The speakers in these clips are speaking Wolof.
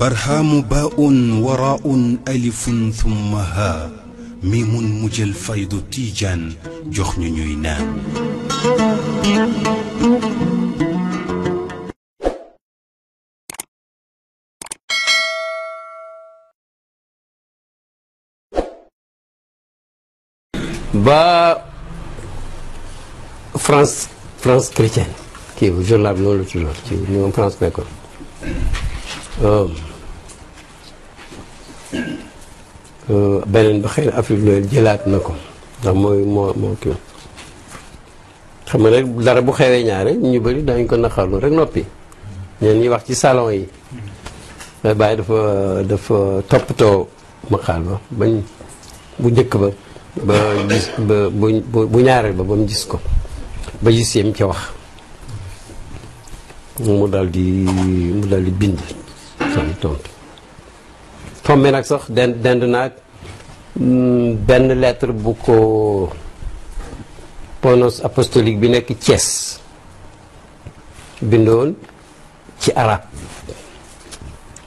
barhaamu baun waraun alifun thumma haa mi mun mujjël faydu tiijaan jox ñu ñuy naan ba France Euh, beneen ba xëy na Afrique loolu jëlaat na ko ndax mooy moo moo kii xam nga rek dara bu xewee ñaare ñu bari dañ ko naqarlu rek noppi ñeen ñi wax ci salon yi mais bàyyi dafa dafa toppatoo maqaal ba bañ bu njëkk ba ba gis ba bu bu ñaareel ba ba mu gis ko ba gis yem ca wax mu daal di mu daal di bind sama tontu tombé nag sax den dend naag hmm, benn lettre bu ko ponos apostolique bi nekk cees bindoon ci arab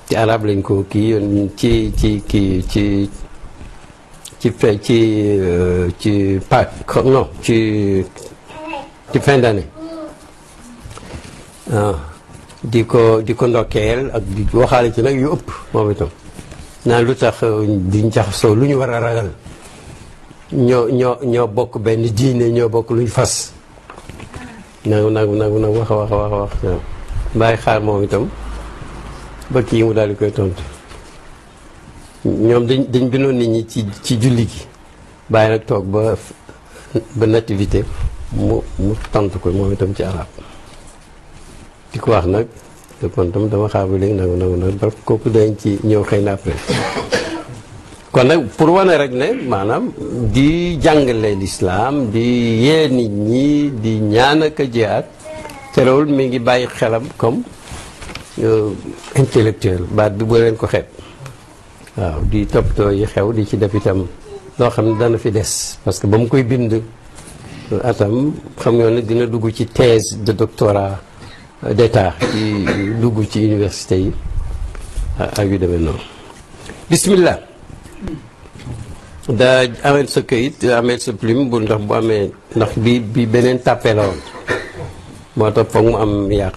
ci arab lañ ko kii yoon ci ci kii ci ci fe ci euh, ci pa ci ci fin ah, di ko di ko ndokkeel ak waxaale ci nag yu ëpp moom itam naan lu tax euh, duñ jaxasoo lu ñu war a ragal ñoo ñoo ñoo bokk benn diine ñoo bokk luñ fas nag nag nag nag wax wax wax wax bàyyi xaar moom itam ba kii mu daal koy tontu ñoom dañ dañ bindoon nit ñi ci ci julli gi bàyyi nag toog ba ba nativité mu mu tontu ko moom itam ci arab di ko wax nag kon tam dama xaabu léegi nangu nangu nangu ba kooku dañ ci ñëw xëy après kon nag pour wane rek ne maanaam di jàngale lislaam di yee nit ñi di ñaan ak a jihaad terewul mi ngi bàyyi xelam comme euh, intellectuel baat bi boo leen ko xeeb waaw di toppatoo yi xew di ci def itam loo xam ne dana fi des parce que ba mu koy bind atam xam nga ne dina dugg ci thèse de doctorat d'état ci dugg ci université yi ak yu demee noonu bismillah daa ameel sa bu ndax amee ndax bi bi beneen tàppee la woon moo tax foog mu am yàq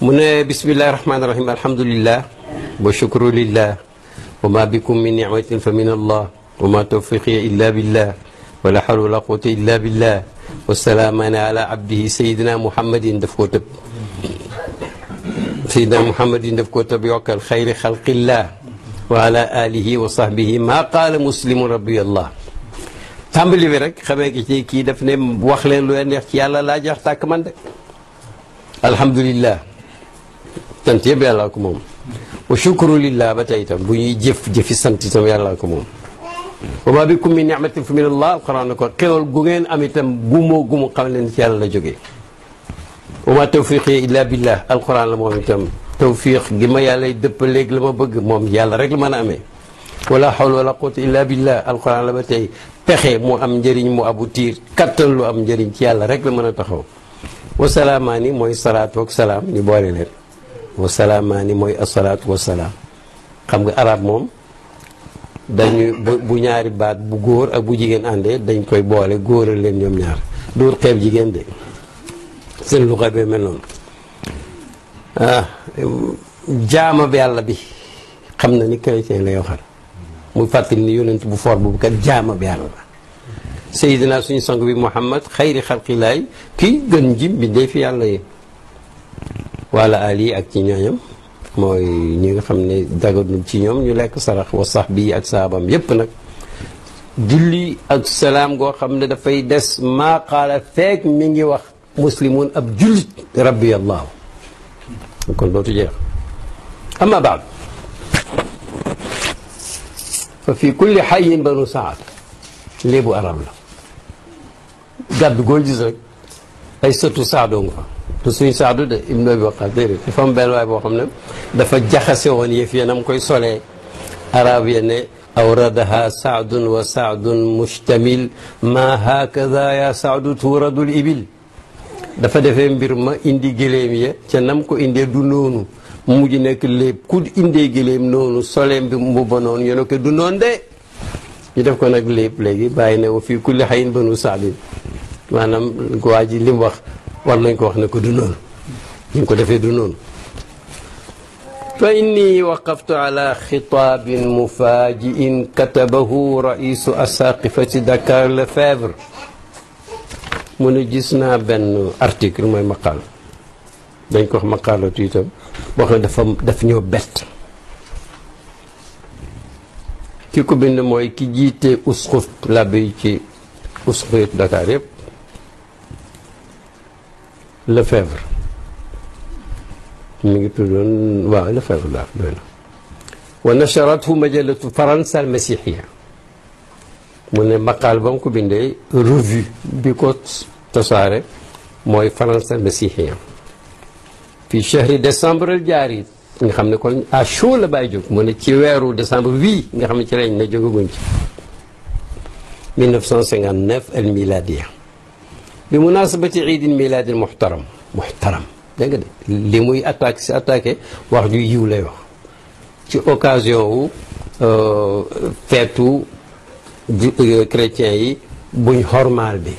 mu ne bismillahi rahmaani rahim alhamdulillah wa shukru lillah wa ma bikum min nicmatin fa min allah wa ma tawfiqi illa billah wala hawla wala quwwata illa billah wasalaaman ala abdihi sayidina muhammadin daf koo tëb sayidina muhammadin daf koo tëb yokkal xayri xalqillah wa ala alihi wa sahbihi maa qaala muslimun rabbi allah tàmbali bi rek xamee ki ci kii daf ne wax leen lu leen neex ci yàlla laa jax tàkk man de alhamdulillah sant yëpp yàllaa ko moom wa shukru lillah ba tey itam bu ñuy jëf jëfi sant itam yàllaa ko moom wa ma bikum min ni'matin fa min allah xaraan na ko xewal gu ngeen am itam gumoo gumu xam leen ci yàlla la jógee wa ma tawfiqi illa billah alquran la moom itam tawfiq gi ma yàlla dëppaleeg la ma bëgg moom yàlla rek la mën a amee wala hawla wala quwwata illa billah alquran la ba tey pexe mu am njëriñ mu tiir kattan lu am njëriñ ci yàlla rek la mën a taxaw wasalaamaani mooy salaatu ak salaam ñu mooy asalaatu xam nga arab moom dañuy bu ñaari baat bu góor ak bu jigéen àndee dañ koy boole góoral leen ñoom ñaar duur xeeb jigéen de seen lu xabee mel noonu ah jaama bi yàlla bi xam na ni chrétien lay waxal muy fàttali ni yonent bu for bu kat jaama bi yàlla la sayidina suñu sangu bi muhammad xayri xalqilaay kii gën ji bi dee fi yàlla yi wala ali ak ci ñooñam mooy ñu nga xam ne daganul ci ñoom ñu lekk sarax wa sax bi ak saabam yépp nag julli ak salaam goo xam ne dafay des maa qaala feek mi ngi wax muslimun ab jullit rabbi allah kon dootu jeex amma baad fa fi kulli xayin banu saad léebu arab la gàddu goo gis rek ay sëtu saadoo fa du suñ saadu de ibnu abi waqaas déedéet dafa am benn waay boo xam ne dafa jaxase woon yëf yenam koy solee arab ya ne awradaha saadun wa saadun mustamil ma hakada ya saadu tuuradul ibil dafa defe mbir ma indi gëléem ya ca nam ko indee du noonu mu mujj nekk lépp ku indee gëléem noonu soleem bi mu ba noonu ñu ne ko du noonu de ñu def ko nag lépp léegi bàyyi ne wa fii kulli xayin banu saadin maanaam waa ji li mu wax war lañ ko wax ne ko du noonu ko defee du noonu fa inni waqaftu ala xitaabin mufaajiin katabahu raisu asaqifati Dakar Lefebvre mu ne gis naa benn article mooy maqaal dañ ko wax maqaalatu itam boo xam ne dafa daf ñoo bett ki ko bind mooy ki jiite usxuf làbbi ci usxuf Dakar yëpp Lefebvre mu ngi tuddoon waaw Lefebvre daal doy na wa nacharathu majalatu faransa almasixiya mu ne maqaal ba mu ko bindee revue bi ko tasaare mooy faransa almasixiya fii chahri décembre al jaari nga xam ne kon à chaud la bàyyi jóg mu ne ci weeru décembre wii nga xam ne ci lañ ne jógaguñ ci 1959 al miladiya bi munasabati iidin milaadin muxtaram muxtaram dégg nga de li muy attaque si attaqué wax ju yiw lay wax ci occasion wu euh, feetu euh, chrétien yi buñ xormaal bi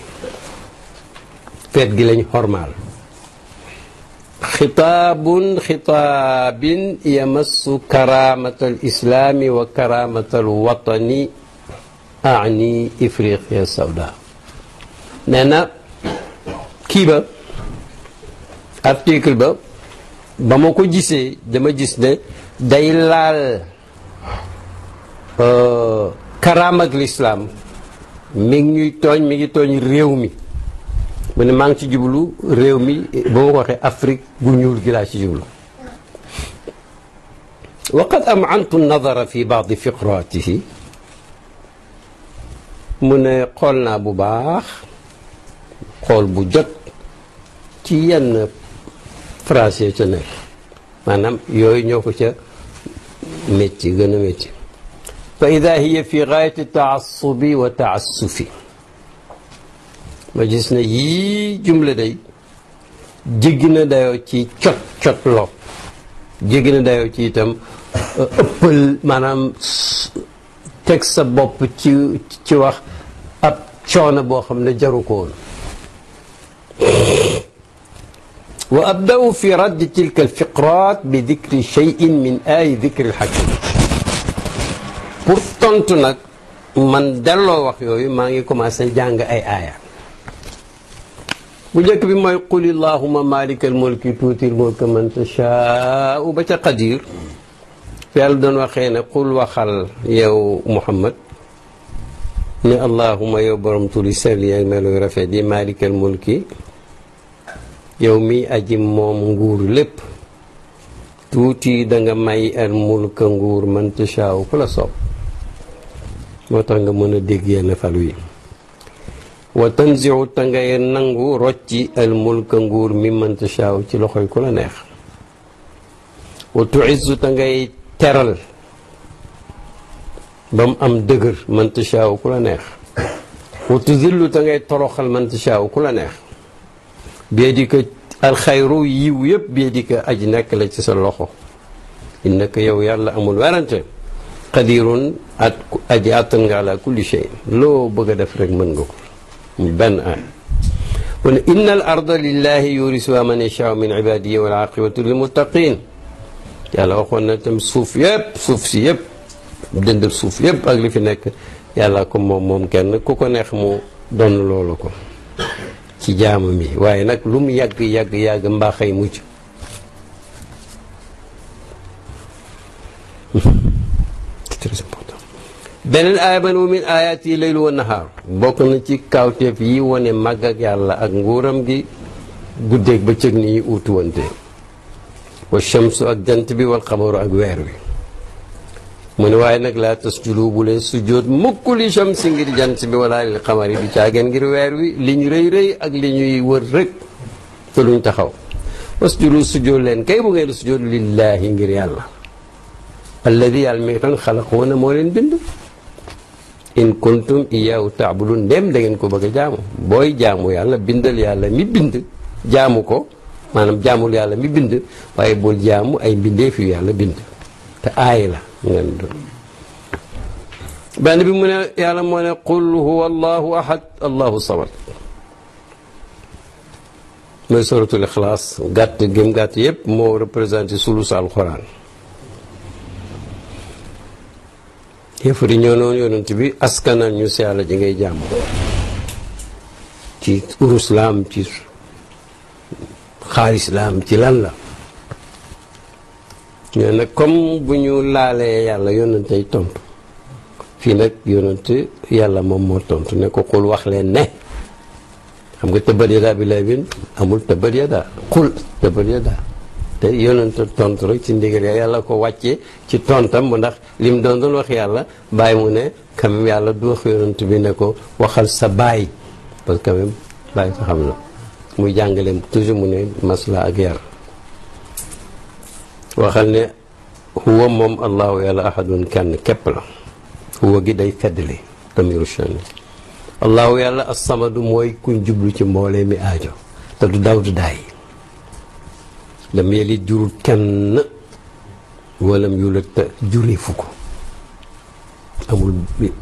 feet gi lañ xormaal xitaabun xitaabin yamassu karaamata al islaami wa karaamata al watani ani ifriqiya sawda nee na kii ba article ba ba ma ko gisee dama gis ne day laal euh, karaam ak lislaam mi tooñ mi tooñ réew mi mu ne maa ngi ci jublu réew mi ba ma ko waxee Afrique gu ñuul gi laa ci jublu waqad am antu nadara fi baadi fiqraatihi mu ne xool naa bu baax xool bu jot ci yenn phrase ya ca nekk maanaam yooyu ñëw ko ca métti gën a métti fa ida hiya fi gaayati taassubi wa taassufi ma gis ne yii jumla day jéggi na dayoo ci cot cot loo jéggi na dayoo ci itam euh, ëppal maanaam teg sa bopp ci ci wax ab coono boo xam ne jaru ko وأبدأ في رد تلك الفقرات بذكر شيء من ay ذكر الحكيم pour tontu nag man delloo wax yooyu maa ngi commencé jàng ay aaya bu njëkk bi mooy qul illahuma malikal mulki tuutil mulka man tashaa'u ba ca qadir yàlla doon waxee ne qul waxal yow Muhammad ne allahuma yow borom turi sell yi ak melo rafet yi malikal mulki yow mi aji moom nguur lépp tuuti danga may al er mulka nguur man tashaaw ku la soob moo tax nga mën a dégg yenn fal wi wa tanziu te ngay nangu rocci al nguur mi man tashaaw ci loxoy ku la neex wa tuizzu te ngay teral ba mu am dëgër man tashaaw ku la neex wa tuzillu te ngay toroxal man tashaaw ku la neex bi di ko alxayru yiw yëpp bi di ko aji nekk la ci sa loxo innaka yow yàlla amul werante qadirun at aji àttan nga ala loo bëgg a def rek mën nga ko muy benn inna al lillahi yurisuha man yashaau min ibadihi wal yàlla waxoon na tam suuf yëpp suuf si yëpp dëndal suuf yëpp ak li fi nekk yàlla ko moom moom kenn ko neex mu doon loolu ko ci jaamu mi waaye nag lu mu yàgg yàgg yàgg mbaaxay mucc c'est beneen aaya ba ne min aayaat yi laylu wa nahaar bokk na ci kawteef yi wane màgg ak yàlla ak nguuram gi ba bëccëg ni yi uutuwante wa shamsu ak jant bi wal xamaru ak weer wi mu ne waaye nag laa tasjulu bu leen sujjóot mukk li shamsi ngir jant bi wala lil xamari du caageen ngir weer wi li ñu rëy rëy ak li ñuy wër rek te luñ taxaw wasjulu sujjóot leen kay bu ngeen sujjóot lillaahi ngir yàlla alladi yàlla mi ngi tan xalaquuna moo leen bind in kuntum iyaahu taabudun ndem da ngeen ko bëgg a jaamu booy jaamu yàlla bindal yàlla mi bind jaamu ko maanaam jaamul yàlla mi bind waaye bul jaamu ay mbindeef yu yàlla bind te aay la ba du bi mu ne yàlla moo ne qul huwa allahu ahad allahu samad mooy suratul ixlaas gàtt gém gàtt yépp moo représenté sulus alxuraan yëfari ñoo noonu yonent bi askanal ñu si yàlla ji ngay jàmm ci urus la ci xaalis la ci lan la nee na comme bu ñu laalee yàlla yónnantey tontu fii nag yónnante yàlla moom moo tontu ne ko xul wax leen ne xam nga tëbbat yadaa bi lay bin amul tëbbat yadaa xul tëbbat yadaa te yónnante tontu rek ci ndigal yàlla ko wàcce ci tontam bu ndax li mu doon doon wax yàlla bàyyi mu ne quand yàlla du wax yónnante bi ne ko waxal sa baay parce que bàyyi ko xam na muy jàngale toujours mu ne masla ak yar waxal ne huwa moom allahu yàlla ahadun kenn képp la huwa gi day feddali damiru shani allahu yàlla assamadu mooy kuñ jublu ci mboolee mi ajo te du daw du daay lam yelit jurul kenn walam yulat te juree fukk amul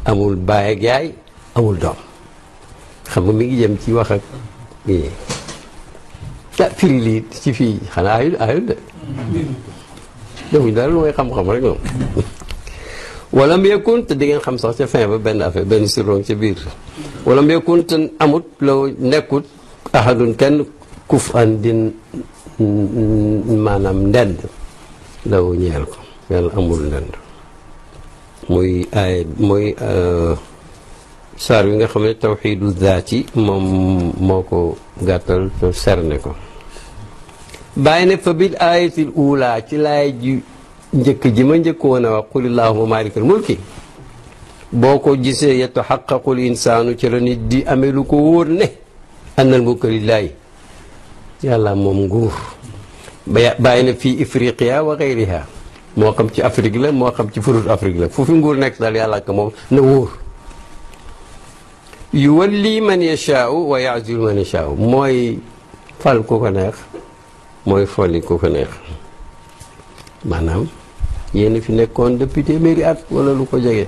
amul baay ak yaay amul doom xam nga mi ngi jëm ci wax ak firi lii ci fii xanaa ayul ayul de defuñ dara lu may xam-xam rek la walam yakun te di ngeen xam sax ca fin ba benn affaire benn surrong ca biir walam yakun te amut loo nekkut ahadun kenn kuf an din maanaam ndend law ñeel ko yàlla amul ndend muy ay muy euh, saar wi nga xam ne tawxiidu zaati moom moo ko gàttal te serne ko bàyyi ne fa bil ayatil uulaa ci laay ji njëkk ji ma njëkkoon a wax qul illahuma maalikal mulki boo ko gisee yataxaqaqul insaanu ci la nit di amee lu ko wóor ne annal mulka lillaahi yàlla moom nguur bàyyi na fii ifriqiya wa gayriha moo xam ci afrique la moo xam ci furut afrique la fu nguur nekk daal yàlla ak moom na wóor yuwalli man yashaau wa yazilu man yashaau mooy fal ko neex mooy folli ku ko neex maanaam yéen fi nekkoon depuis téeméeri at wala lu ko jege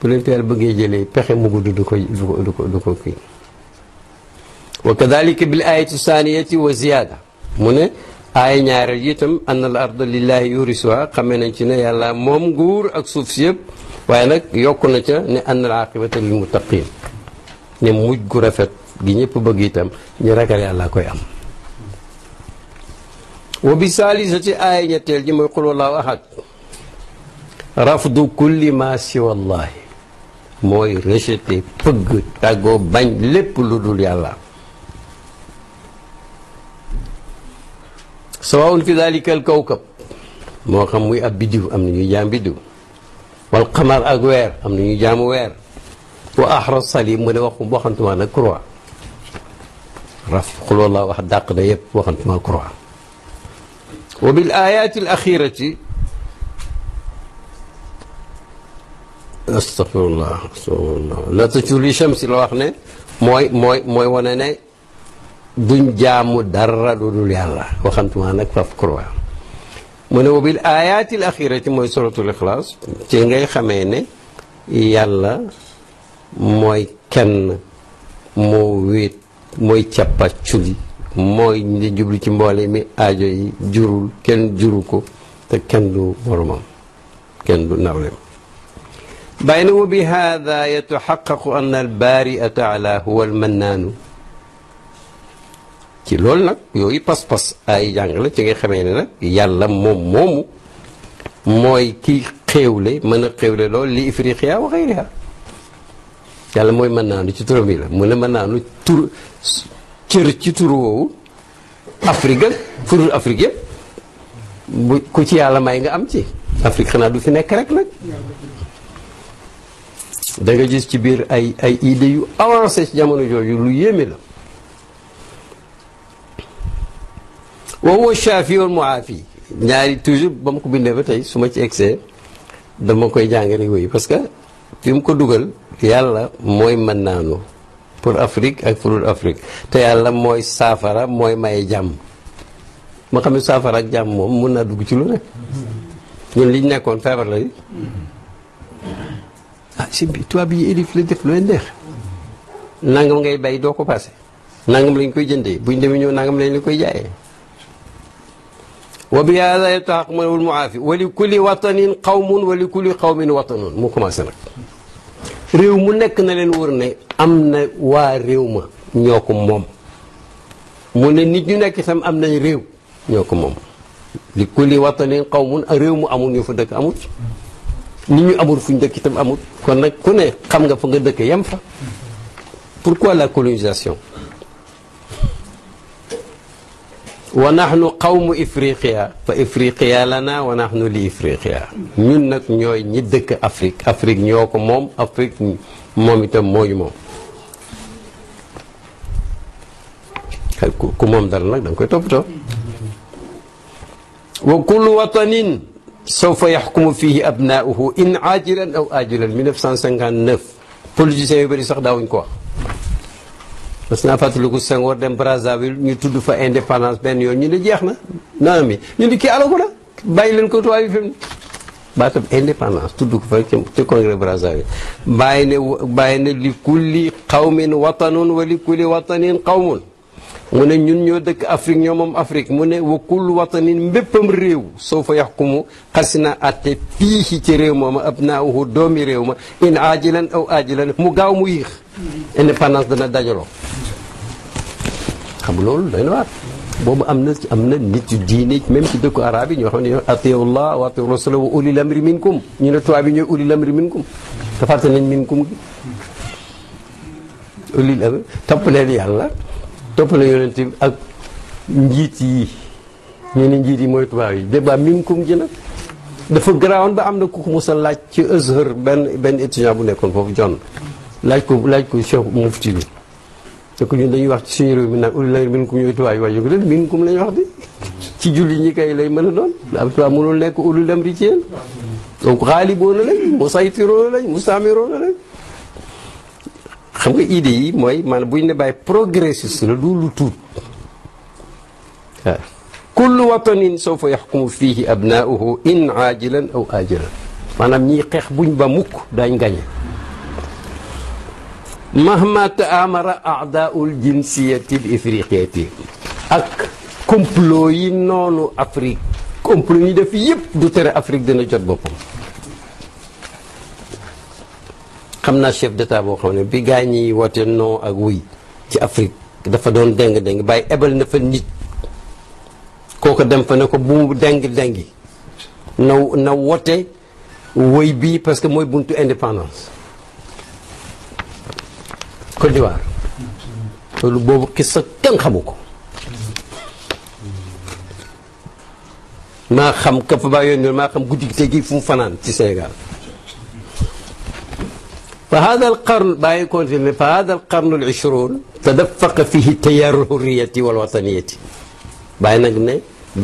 bu leen fi pexe mu gudd du ko du ko du ko du ko kii wa kadalika bil ayati saniyati wa ziyaada mu ne aaya ñaareel yi itam anna al arda lillahi yurisuha xamee nañ ci ne yàlla moom nguur ak suuf si yëpp waaye nag yokk na ca ne anna al aqibata lil muttaqin ne mujj gu rafet gi ñëpp bëgg itam ñu ragal yàlla koy am wa bi saalisati aaya ñetteel ji mooy qul wallahu ahad rafdu kulli ma siwallahi mooy rejeté pëgg tàggoo bañ lépp lu dul yàlla sawaun fi dalika al moo xam muy ab biddiw am na ñuy jaam biddiw wal ak weer am na ñuy jaamu weer wa ahra salim mu ne wax dàq na yépp وبالآيات الأخيرة astafirullah astafirullah la tëccu li shamsi la wax ne mooy mooy mooy wane ne duñ jaamu dara lu dul yàlla waxantuma nag faf croix mu ne wa bil ayatil mooy suratul ixlaas ci ngay xamee ne yàlla mooy kenn moo wéet mooy cappa culi mooy ñi jublu ci mboole mi aajo yi jurul kenn juru ko kenn du moromam kenn du nawle bàyyi na wa bi hada yataxaqaqu an albaria taala huwa almannaanu ci loolu nag yooyu pas-pas ay jàng la ci nga xamee ne nag yàlla mooy ki xéewle mën a xéewle lool li ifriqiya wa xayriha yàlla mooy mën naanu ci turam yi mu ne mën naanu tur cër ci tur woowu Afrique ak furul Afrique yëpp bu ku ci yàlla may nga am ci Afrique xanaa du fi nekk rek nag danga gis ci biir ay ay idées yu avancé ci jamono jooju lu yéeme la wa huwa shaafi wal muaafi ñaari toujours ba mu ko bindee ba tey su ma ci egsee dama koy jàngale yooyu parce que fi mu ko dugal yàlla mooy mën naanu pour Afrique ak furul Afrique te yàlla mooy saafara mooy maye jàmm ma xam ne saafara ak jàmm moom mun naa dugg ci lu ne ñun liñ nekkoon feebar la yi ah si bi tubaab yi élif la def lu neex nangam ngay bay doo ko passé nangam lañ koy jëndee buñ demee ñëw nangam lañ la koy jaayee wa bi hada yataaqamunawul muaafi wa li kulli watanin qawmun wa li kulli qawmin watanun mu commencé nag réew mu nekk na leen wër ne am na waa réew ma ñoo ko moom mu ne nit ñu nekk tam am nañ réew ñoo ko moom li kulli watanin a réew mu amul ñu fa dëkk amut nit ñu amul fu ñu dëkk amut kon nag ku ne xam nga fa nga dëkk yem fa pourquoi la colonisation wa nahnu qawmu ifriqiya fa ifriqiya lana wa nahnu li ifriqiya ñun nag ñooy ñi dëkk Afrique Afrique ñoo ko moom Afrique moom itam mooñu moom ku moom dara nag da nga koy toppatoo wa kullu watanin sawfa yaxkumu fihi abnaauhu in ajilan aw ajilan 1959 politiciens yu bëri sax daawuñ ko wax parce que naa fàttaliku Senghor dem Brazzaville ñu tudd fa indépendance benn yoon ñu ne jeex na naa mi ñu ne kii alaku na bàyyi leen ko tubaab yi fi mu baatab indépendance tudd ko fa ci congrès Brazzaville bàyyi ne bàyyi ne li kulli qawmin watanun wa li kulli watanin qawmun mu ne ñun ñoo dëkk Afrique ñoo moom Afrique mu ne wa kullu watanin mbéppam réew soo fa yaxkumu xas na àtte piihi ci réew mooma ab naahu doomi réew ma in aajilan aw aajilan mu gaaw mu yéex indépendance dana dajaloo xam loolu doy na waar boobu am na am na nit yu diine même ci dëkku arabe yi ñoo xam ne wa atiu rasula amri minkum ñu ne tubaab yi ñooy ulil amri minkum te fàtte nañ minkum gi ulil amri topp leen yàlla toppale la bi ak njiit yi ñu ni njiit yi mooy tubaab yi débat mim kum ji nag dafa garaawoon ba am na ku ko mos a laaj ci Azhar benn benn étudiant bu nekkoon foofu jon laaj ko laaj ko cheikh mufti bi te ko ñun dañuy wax ci suñu réew mi naan ulul amri minkum ñooy tubaab yi waaye ko dén minkum la ñu wax de ci julli ñi kay lay mën a doon am tubaab mënul nekk ulul amri ci yéen donc xaaliboona lañ musaytiroona lañ mustaamiroona xam nga idée yi mooy maanaam bu ñu ne bàyyi progressiste la loolu tuut waaw kullu watanin sawfa yaxkumu fiihi abnaauhu in xeex buñ ba mukk daañ gañe mahma taamara aadaul jinsiyati l ifriqiyati ak complot yi noonu Afrique complot yi def yépp du tere Afrique dina jot boppam xam naa chef d'état boo xam ne bi gaa ñi woote non ak wuy ci Afrique dafa doon déng-déng bàyyi ebal na fa nit kooko dem fa ne ko bu mu déng-déngi na na woote woy bii parce que mooy buntu indépendance Côte loolu boobu xissa kenn xamu ko maa xam ka fa baa yoon maa xam guddi gi tey gi fu mu fanaan ci Sénégal فهذا القرن باي يكون في فهذا القرن العشرون تدفق فيه تيار الحرية والوطنية باي نك ne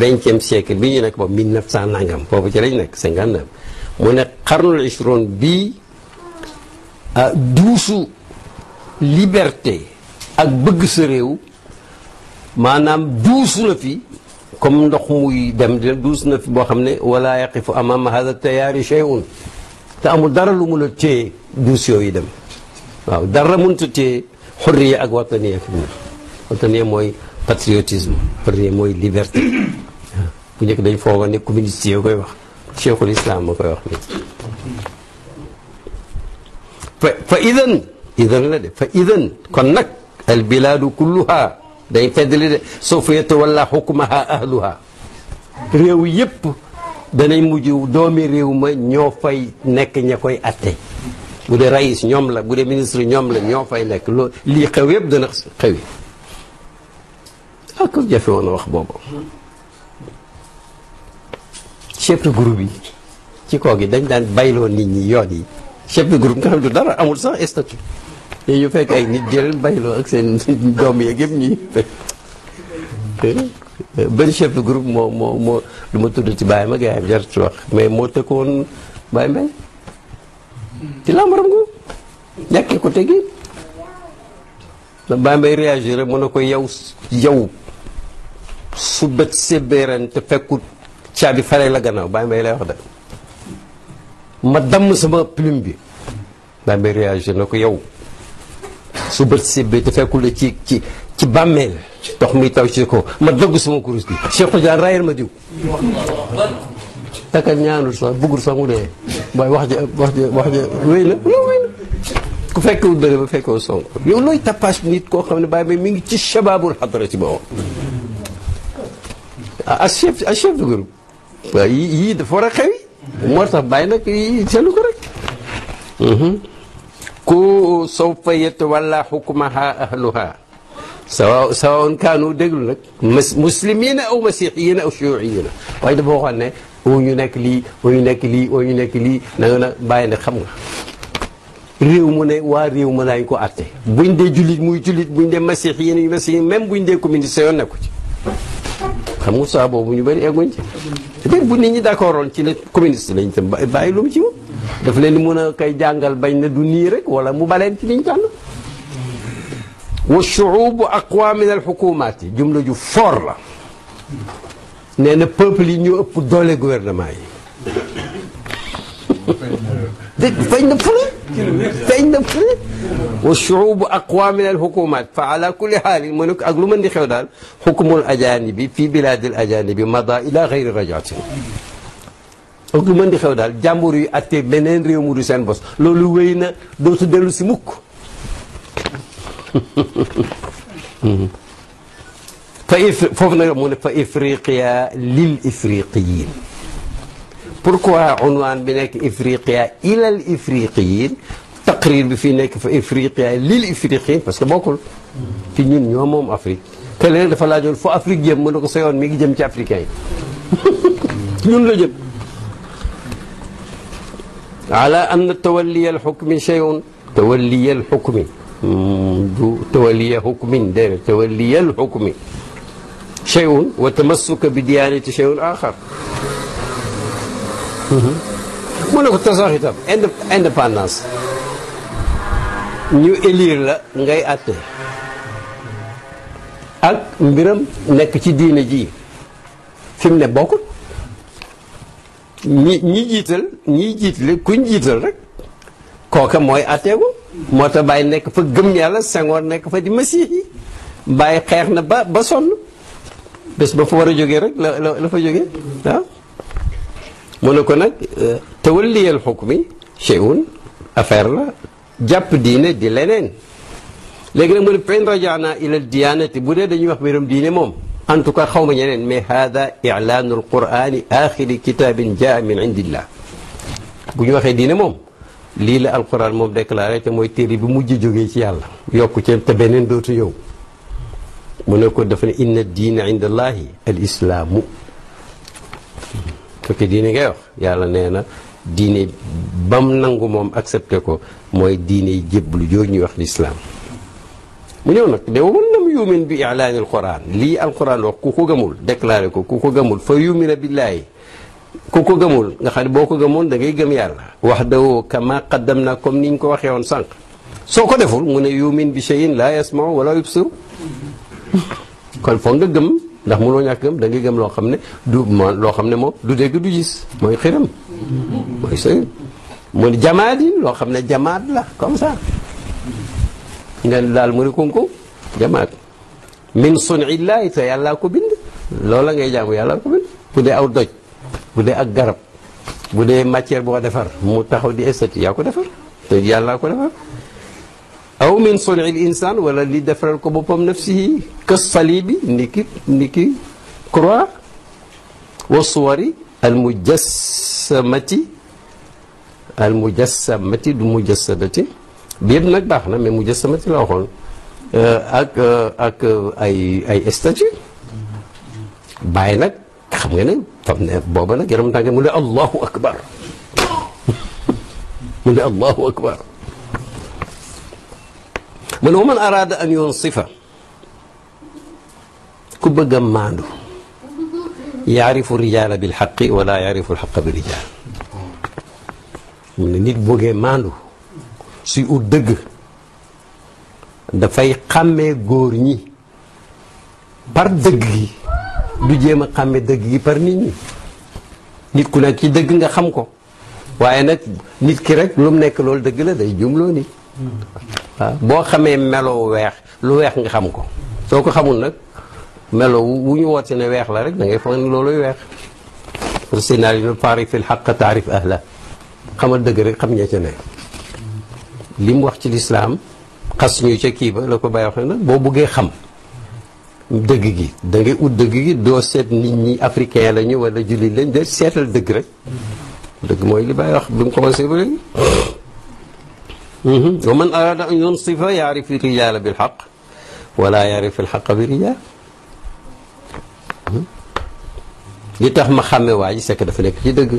vingtième siècle bi ñu nekk boobu mille neuf cent nangam foofu ci lañ nekk cinquante neuf mu ne qarnul ishron bii duusu liberté ak bëgg sa réew maanaam duusu na fi comme ndox muy dem duus na fi boo xam ne wala yaqifu amama hada tayaari shay'un te amul dara lu mun a téye duus dara mënut a téye ak wataniya fi mu wataniya mooy patriotisme xurriya mooy liberté bu njëkk dañ fooga ne communiste yo koy wax cheikhul islam ma koy wax ni fa idan idan la fa idan kon nag al biladu kulluha day feddali de soo fa yetawalla hukmaha ahluha réew yépp danañ mujj doomi réew ma ñoo fay nekk ña koy atte bu dee raïs ñoom la bu dee ministre ñoom la ñoo fay nekk loo lii xew yëpp dana xewi ak ah, jafe woon a wax boobu chef yi ci koo gi dañ daan bayloo nit ñi yoon yi chef de groupe nga xam du dara amul sax statut te ñu fekk ay nit jël bayloo ak seen doom yeeg yëpp ñuy benn chef de moo moo moo lu ma tudd ci bàyyi ma gaayam jarut wax mais moo tëkkoon bàyyi mbay ci làmbaram ko ñàkkee ko tegi bàyyi mbay réagir rek mën ko yow yow su sebe ren te fekkut caabi fare la gannaaw bàyyi mbay lay wax de ma damm sama plume bi bàyyi mbay réagir na ko yow su bët sébbee te fekkul la ci ci ci bàmmeel ndox muy taw ci ko ma dogg suma kurus bi Cheikh Tidiane rayal ma diw takal ñaanul sax buggul sax mu dee wax ja wax ja wax ja wéy na loo ku fekkewul bëri ba fekkewu song yow looy tapage bi nit koo xam ne bàyyi may mi ngi ci shababul xadara ci boobu ah, ah chef ah chef de groupe waaw yii yii dafa war a xewi tax bàyyi nag yii seetlu ko rek mhm. ku sawfa yatawalla hukmaha ahluha sawa sawaun kaanu déglu nag muslimina aw masihiyina aw shuyuiyina waaye dafa waxoon ne woo ñu nekk lii ñu nekk lii woo ñu nekk lii na nga na bàyyi ne xam nga réew mu ne waa réew ma daañu ko atte buñ de julit muy julit buñ dee masix yéen ñu masix même buñ dee communiste yoon nekku ci xam nga saa bu ñu bari egguñ ci dé bu ni ñi d'accord woon ci la communiste lañ tam bàyyi lu mu ci moom daf leen di mën a koy jàngal bañ na du nii rek wala mu baleen ci liñ tànn wa shuubu aqwa min alxukumaat yi jumla ju foor la nee na peuple yi ñoo ëpp doole gouvernement yi feeñ na fële feeñ na fële wa shuubu aqwa min alxukumaat fa ala kulli xaal mu ne ko ak lu mën di xew daal xukmul ajaanibi fii bilaadil ajaanibi mada ila xayri rajaatin ak lu mën di xew daal jàmbur yu attee beneen réew mu du seen bos loolu wéy na dootu dellu si mukk fa if foofu nag mu ne fa ifriqiya lil ifriqiyin pourquoi unwaan bi nekk ifriqiya ilal ifriqiyin taqrir bi fii nekk fa ifriqiya lil ifriqiyin parce que bokkul ci ñun ñoo moom Afrique te léegi dafa laajoon foo Afrique jëm mën na ko sa yoon mi ngi jëm ci africain yi ñun la jëm ala ann tawalliya alxukmi cheyun tawalliya alxukmi du tawaliya hukmin déedéet tawaliyal hukmi cheyun wa tamassuka bi diyanati cheyun axar mhm. mu ne ko tasaax itam indépendance ñu élire la ngay àtte ak mbiram nekk ci diina ji fi mu ne bokkut ñi ñi jiital ñi jiitale kuñ jiital rek kooka mooy àtteegu moo tax bàyyi nekk fa gëm yàlla Senghor nekk fa di masiix yi xeex na ba ba sonn bés ba fa war a jógee rek la la la fa jógee waaw mu ne ko nag euh, tawalliyal xukmi cheyun affaire la jàpp diine di leneen léegi nag mu ne pen rajaana ila diyanati bu dee dañuy wax mbiram diine moom en tout cas xaw ma ñeneen mais hada ilaanu alqurani axiri kitabin jaa min indillah bu ñu waxee diine moom lii la alquran moom déclaré te mooy téere bi mujj jógee ci yàlla yokku ci te beneen dootu yow mu ne ko dafa ne inna diina inda allaahi al islaamu ngay wax yàlla nee na diine bam nangu moom accepté ko mooy diine jébbalu jooju ñuy wax lislaam mu ñëw nag de wun lam yumin bi ilaani alquran lii alquran wax ku ko gëmul déclaré ko ku ko gëmul fa yumina billaahi ku ko gëmul nga xam ne boo ko gëmoon dangay gëm yàlla wax dawoo kama qaddam na comme ni ko waxee woon sànq soo ko deful mu ne yumin bi cheyin la yasmau wala yubsiru kon foog nga gëm ndax mënoo ñàkk gëm da ngay gëm loo xam ne du loo xam ne moom du dégg du gis mooy xiram mooy sëy mu ne jamaat yi loo xam ne jamaat la kom ça nga daal mu ne kunku jamaat min sunillahi te yàlla ko bind loola ngay jaamu yàllaa ko bind ku dee aw doj bu dee ak garab bu dee matière boo defar mu taxaw di estati yaa ko defar te yàllaa ko defar aw min sonil insaan wala li defaral ko boppam nafsihi ka salibi ni ki ni ki croix wa suwari al mujassamati al mujassamati du mujassadati bi yëpp nag baax na mais mujassamati la waxoon euh, ak euh, euh, ay ay statue bàyyi nag xam nga ne fam ne booba nag yaram tànge mu ne allahu akbar mu ne allahu akbar mu ne waman araada an yunsifa ku bëgg a maandu yaarifu rijaala bilxaqi wala yaarifu lxaqa bi rijaal mu ne nit bëggee maandu si ut dëgg dafay xàmmee góor ñi par dëgg gi du jéem a xàmme dëgg gi par nit ñi nit ku nekk ci dëgg nga xam ko waaye nag nit ki rek lu mu nekk loolu dëgg la day jumloo nit waaw boo xamee meloo weex lu weex nga xam ko soo ko xamul nag meloo wu ñu woote ne weex la rek dangay ngay foog ne looluy weex pour yi taarif il xaq taarif ahla xamal dëgg rek xam ña ca ne li mu wax ci lislaam xas ñu ca kii ba la ko bàyyi wax nag boo buggee xam dëgg gi da ut dëgg gi doo seet nit ñi africain lañu wala jullit lañ de seetal dëgg rek dëgg mooy li bay wax bi mu commencé ba léegi mhm. wa man arada an yunsifa yaarif rijaala bil mhm. tax ma xàmme waa ji c'est dafa nekk ci dëgg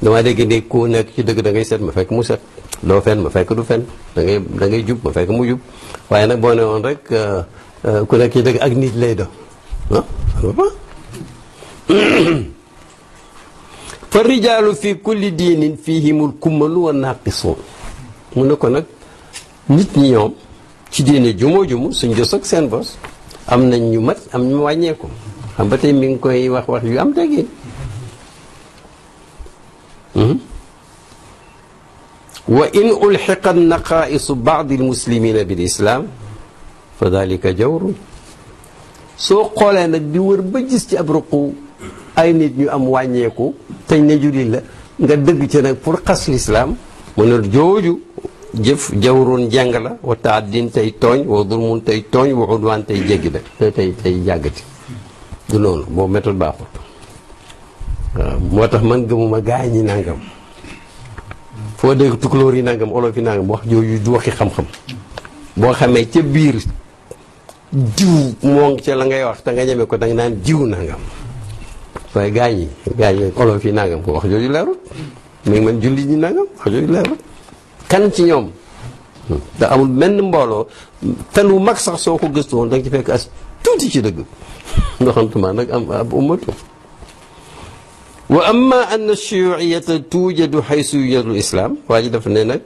damaa dégg ne ko nekk ci dëgg da ngay seet ma fekk mu set doo fen ma fekk du fen da da ngay jub ma fekk mu jub waaye nag boo ne woon rek euh, Euh, ku nekk ci dëgg ak nit lay do ah fa rijaalu fi kulli diinin fiihimul kummalu wa naaqisoon mu ne ko nag nit ñi ñoom ci diine jumoo jumu suñ jos ak seen bos am nañ ñu mat am ñu wàññeeku xam ba tey mi ngi koy wax wax yu am teggin hmm? wa in ulxiqa naqaaisu baadi almuslimina bil islaam fa dalika jawru soo xoolee nag di wër ba gis ci ab ruqu ay nit ñu am wàññeeku teñ ne jullit la nga dëgg ci nag pour xas lislaam mu jooju jëf jawroon jàng la wa taaddin tey tooñ wa dulmun tey tooñ wa udwaan tey jéggi da tey tey jàggati du noonu boobu méthode baaxul waaw moo tax man gëmuma gaañ ñi foo dégg tukulóor yi nangam olof yi nangam wax jooju du waxi xam-xam boo xamee ca biir diw moo ngi la ngay wax te nga ñeme ko danga naan diw nangam waaye gaañ yi gaañ yi olof yi nangam ko wax jooju leerul mi ngi man julli ñi nangam wax jooju leerul kan ci ñoom da amul menn mbooloo fen wu mag sax soo ko gëstu woon da ci fekk as tuuti ci dëgg ndoxantuma nag am ab ummatu wa amma ann chiuiyata tuujadu xaysu yujadu islam waa ji dafa ne nag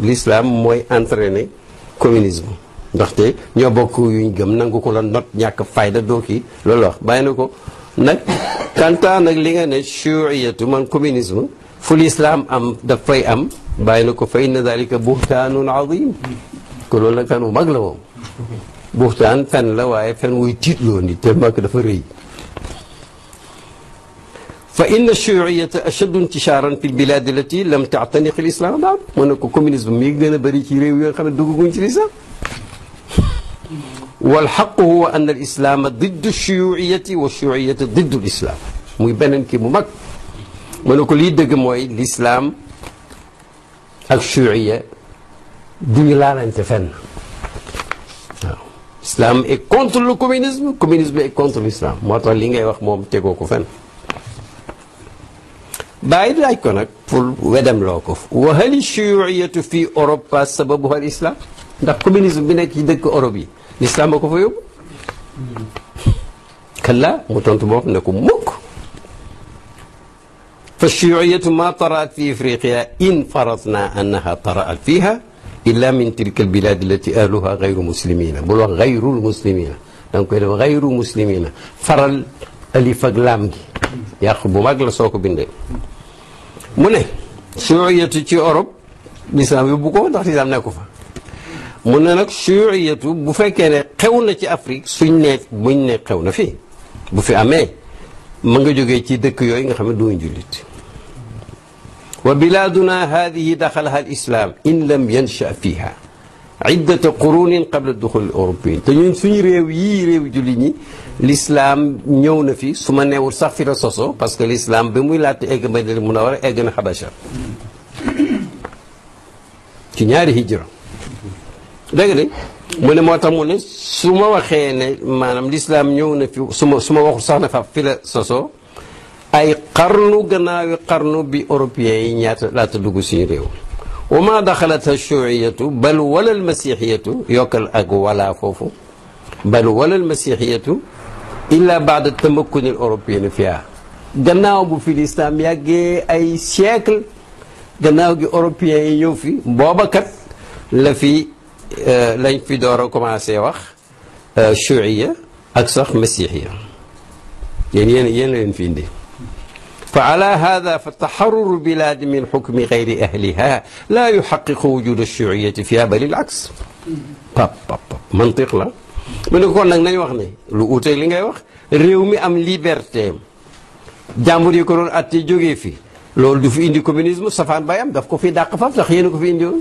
l'islam mooy entraîner communisme ndaxte ñoo bokk yuñ gëm nangu ko la not ñàkk fayda doo kii loolu wax bàyyi na ko nag kanta nag li nga ne chuiyatu man communisme fu lislaam am daf fay am bàyyi na ko fa inna dalika buxtaanun azim ko loolu nag fen wu mag la moom buxtaan fen la waaye fen wuy tiitloo nit te mag dafa rëy fa inna chuiyata ashaddu intisharan fi lbiladi allati lam taataniq lislaam baad mën na ko communisme mi gën a bëri ci réew xam ne dugguñ ci والحق هو أن الإسلام ضد الشيوعية والشيوعية ضد الإسلام muy beneen kii mu mag ma ne ko liy dëgg mooy l'islam ak chuiya du ñu laalante fenn waaw islam est contre le communisme communisme est contre l'islam moo tax li ngay wax moom tegoo ko fenn bàyyi laaj ko nag pour wedem loo ko wa hal chuiyatu fii Europe sababu al islam ndax communisme bi nekk ci dëkk Europe yi lislaam a ko fa yóbbu kalla mu tontu bopp ne ko mukk fa chiiyatu ma taraat fi ifriqiya in faratna annaha taraat fiha illa min tilka al bilad allati ahluha gayru muslimina bul wax gayrul muslimina da nga koy def gayru muslimina faral alif ak laam gi yàq bu mag la soo ko bindee mu ne chiiyatu ci Europe lislaam yóbbu ko ndax lislaam nekku fa mu na nag chuuciyatu bu fekkee ne xew na ci Afrique suñ ne muñ ne xew na fi bu fi amee mun nga jógee ci dëkk yooyu nga xam ne duñu jullit wa bilaaduna haadihi daxalaha al islaam in lam yansha fiha iddata qurunin qabla duxul européen te suñu réew yii réew jullit l'islam ñëw na fi su ma neewul sax fi la soso parce que l'islam bi muy laat egg Madina munawara egg na xabasha ci ñaari hijra dégg nga mu ne moo tax mu ne su ma waxee ne maanaam lislaam ñëw na fi su ma su ma waxul sax ne fa fi la soso ay xarnu gannaawi xarnu bi européen yi ñaata laata dugg suñu réew wa ma daxalata shuiyatu bal wala almasixiyatu yokkal ak wala foofu bal wala almasixiyatu illa baada tamakkuni l européen fiha gannaaw bu fi lislaam yàggee ay siècle gannaaw gi européen yi ñëw fi booba kat la fi Euh, lañ fi door a commencé wax chuiya euh, ak sax masixiya yéen yéen yéen leen fi indi fa ala hada fa taxaruru bilaadi min xukmi gayri ahliha laa yuxaqiqu wujud alchuiyati fiha bal il aks la mu ne ko nag nañ wax ne lu uute li ngay wax réew mi am liberté jàmbur yi ko doon atte jógee fi loolu du fi indi communisme safaan bayam daf ko fi dàq faf ndax yéen ko fi indi woon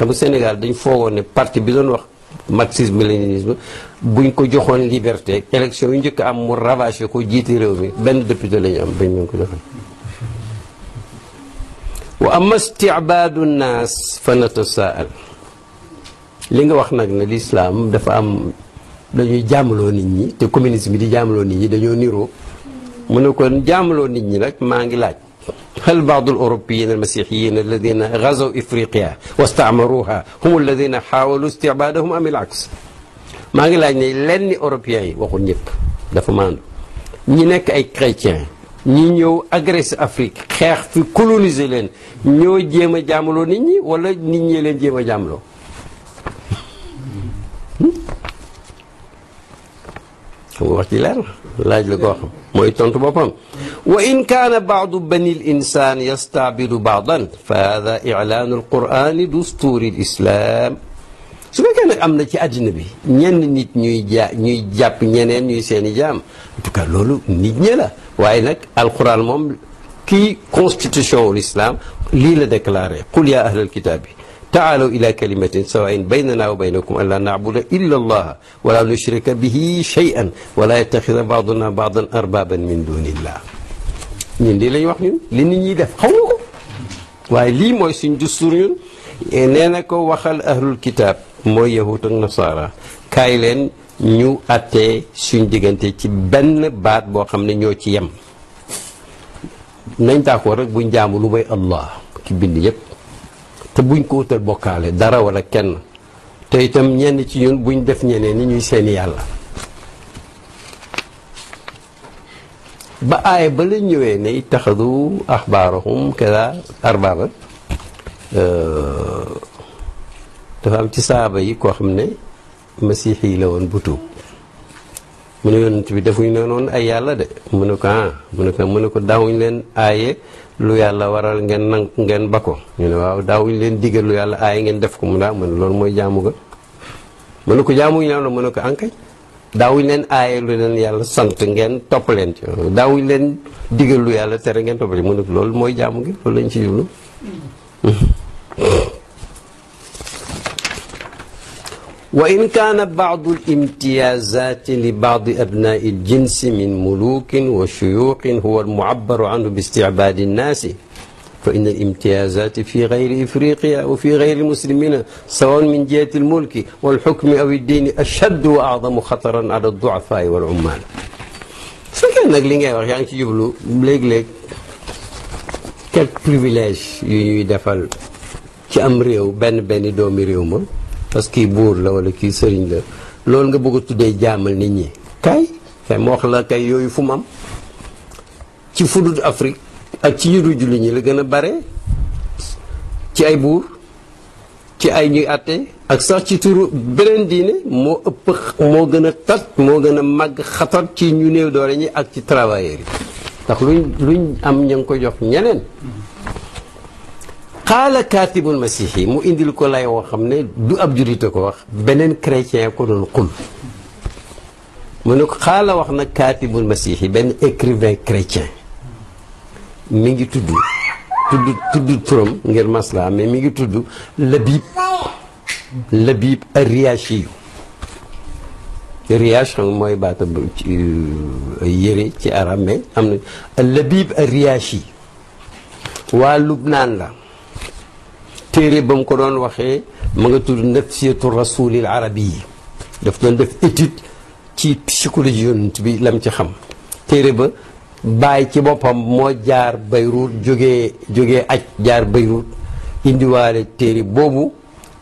xam Sénégal dañ foogoon ne parti bi doon wax marxisme léninisme buñ ko joxoon liberté élection yu njëkk am mu ravagé ko jiite réew mi benn député la ñu am bañ ñu ko joxoon wa ama li nga wax nag ne lislaam dafa am dañuy jàmmaloo nit ñi te communisme bi di jàmmaloo nit ñi dañoo niroo mu ne kon jàmmaloo nit ñi nag maa ngi laaj هل بعض الأوروبيين المسيحيين الذين غزوا إفريقيا واستعمروها هم الذين حاولوا استعبادهم أم العكس maa ngi laaj ne lenn européens yi waxul ñëpp dafa maandu ñi nekk ay chrétiens ñi ñëw agressé Afrique xeex fi coloniser leen ñoo jéem a jaamaloo nit ñi wala nit ñi leen jéem a jaamaloo xam nga wax ci leer laaj la koo xam mooy tontu boppam wa in kaana baadu bani l insaan yastaabidu baadan fa hada ilaanu alqurani dusturi lislaam su fekkee nag am na ci àddina bi ñenn nit ñuy ja ñuy jàpp ñeneen ñuy seen i jaam en tout cas loolu nit ñi la waaye nag alquran moom kii constitution wu l'islam lii la déclaré qul yaa ahlal kitaabi taalaw ila kalimatin sawain baynana wa baynakum an la naabuda illa allaha wala nushrika bihi shay'an wala yattaxida baaduna baadan arbaban min dunillah ñun lii la ñu wax ñun li nit ñiy def xaw ko waaye lii mooy suñ dustur ñun e nee na ko waxal ahlul kitaab mooy yahut ak nasaara kaay leen ñu attee suñ diggante ci benn baat boo xam ne ñoo ci yem nañ d'accord rek buñ jaamu lu may allah ki bind yépp te buñ ko utal bokkaale dara wala kenn te itam ñenn ci ñun buñ def ñenee ni ñuy seen yàlla ba aaya ba la ñëwee ne ittaxadu axbaarahum kada arbaaba euh, dafa am ci saaba yi koo xam ne masiix yi la woon bu tuub mu ne yonent bi defuñ ne noonu ay yàlla de mu ne ko ah mu ne ko mu ne leen aaye lu yàlla waral ngeen nang ngeen ba ñu ne waaw daawuñ leen digal lu yàlla aaye ngeen def ko mu daa ah, mën loolu mooy jaamu ga mu ne ko jaamuñ la mën ne ko ankay daawuñ leen aaye lu leen yàlla sant ngeen topp leen ci daawuñ leen digal lu yàlla tere ngeen topp leen mu ne ko loolu mooy jaamu gi loolu lañ ci jublu wa in kaana baadu limtiyaazaati li baadi abnaai aljinsi min muluukin wa shuyuuqin huwa almuabbaru anhu bi isticbaadi nnaasi fa inna alimtiyaazaati fi gayri ifriqiya wa fi gayri almuslimina sawaun min jihati almulki walxukmi aw iddiini ashaddu wa acdamu xataran ala adducafaai walummaal su fekkee nag li ngay wax yaa ngi ci jublu léeg-léeg quelques privilèges yu ñuy defal ci am réew benn benn doomi réew ma parce que kii buur la wala kii sëriñ la loolu nga bëgg tuddee jaamal nit ñi kay kay moo wax la kay yooyu fu mu am ci fudut Afrique ak ci ñu dul julli ñi la gën a bare ci ay buur ci ay ñuy àtte ak sax ci turu beneen diine moo ëpp moo gën a tat moo gën a màgg xatat ci ñu néew doole ñi ak ci travailleurs yi ndax luñ luñ am ña ko jox ñeneen xaala kaatibul masihi mu indil ko lay woo xam ne du ab jurite ko wax beneen chrétien ko doon xul mu ne ko xaala wax na kaatibul masihi benn écrivain chrétien mi ngi tudd tudd tudd turam ngir maslaa mais mi ngi tudd labib labib ariyachi yu riyaash xam mooy baata euh, yëre ci arab mais am na labib ariyachi waa Lubnaan la téere ba mu ko doon waxee ma nga tudd nafsiyatu rasulil arabi yi daf doon def étude ci psychologie yonent bi lam ci xam téere ba bàyyi ci boppam moo jaar Beyrouth jógee jógee aj jaar Beyrouth indiwaale téere boobu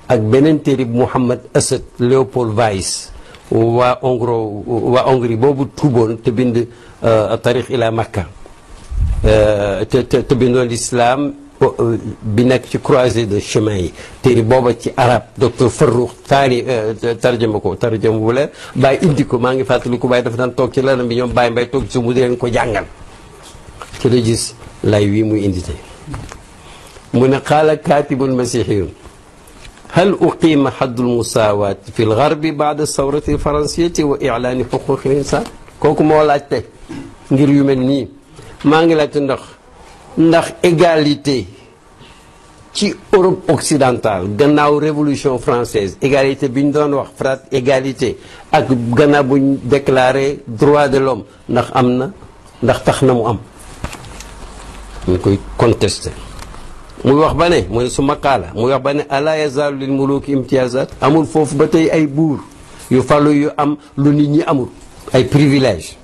ak beneen téere bi Mouhamad Assad Léopold Weiss waa Hongro wa Hongrie boobu tuuboon te bind euh, tarix ila Makka euh, te bindoon l'islam E, bi nekk ci croisée de chemin yi téere booba ci arab docteur Farrukh taari e, e, tarjama ko tarjama bu leer indi ko maa ngi fàttali ko bàyyi dafa daan ci lanam bi ñoom bàyyi mbay toog ci sa mu di leen ko jàngal ci la gis lay wii muy indi tey mu ne qaala kaatibun masihiyun hal uqima xaddul musaawaat fi lgarbi baada sawrati alfaransiyati wa insan kooku moo laajte ngir yu mel nii maa ngi laajte ndax ndax égalité ci Europe occidentale gannaaw révolution française égalité bi ñu doon wax frat égalité ak gannaaw bu ñu déclaré droit de l'homme ndax am na ndax tax na mu am ñu koy contesté muy wax ba ne mooy su maqaala muy wax ba ne ala yazaalu lil muluki imtiyazat amul foofu ba tey ay buur yu falu yu am lu nit ñi amul ay privilège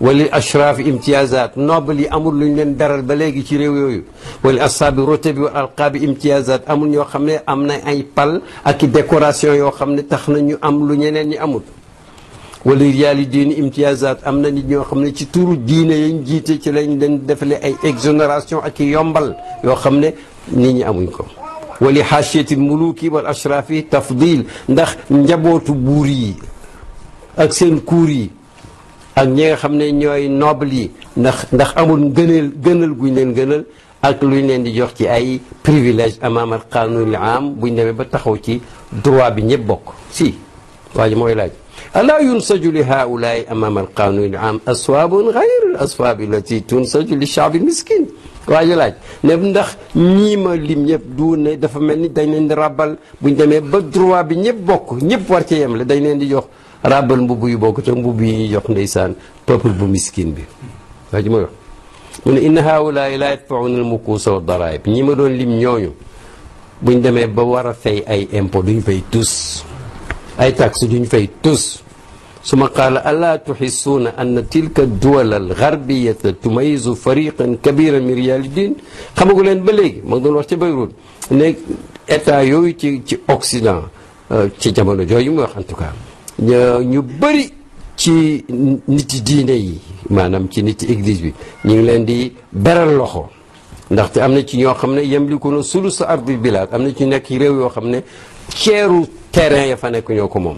wali ashraafi imtiyaazaat noble yi amul lu ñu leen daral ba léegi ci réew yooyu wali asaabi rotabi wal alqaabi imtiyaazaat amul ñoo xam ne am na ay pal ak i décoration yoo xam ne tax na ñu am lu ñeneen ñi amul wali riyaali diini imtiyaazaat am na nit ñoo xam ne ci turu diine yañ jiite ci lañ leen defale ay exonération ak yombal yoo xam ne nit ñi amuñ ko wali xaasiyati muluki wal ashraafi tafdil ndax njabootu buur yi ak seen kuur yi ak ñi nga xam ne ñooy noble yi ndax ndax amul gënal gënal guñ leen gënal ak luñ leen di jox ci ay privilège amaam al qanunil am buñ demee ba taxaw ci droit bi ñëpp bokk si waa ji mooy laaj alaa yunsaju li haulaai amaam al qanunil am aswaabun gayru al aswaab allati tunsaju li shaabi al miskin waa ji laaj ne ndax ñii ma lim ñëpp du ne dafa mel ni dañ leen di ràbbal buñ demee ba droit bi ñëpp bokk ñëpp war ci yem la dañ leen di jox ràbbal mbubb yu bokk te mbubb yi ñuy jox ndeysaan peuple bu miskin bi waa ji ma wax mu ne inna haulaay la al mukuusa wa daraib ñi ma doon lim ñooñu buñ demee ba war a fay ay du duñ fay tus ay taxe duñ fay tus suma qaala alaa tuxissuuna anna tilka duwal al garbiyata tumayizu fariqan kabiran min riyaali din xamagu leen ba léegi ma ngi doon wax ci Beyrouth ne état yooyu ci ci Occident euh, ci jamono jooju mu wax ñu bëri ci nit diine yi maanaam ci nit église bi ñu ngi leen di beral loxo ndaxte am na ci ñoo xam ne yamliku na sulu sa ardi bilaad am na ci nekk réew yoo xam ne ceeru terrain ya fa nekk ñoo ko moom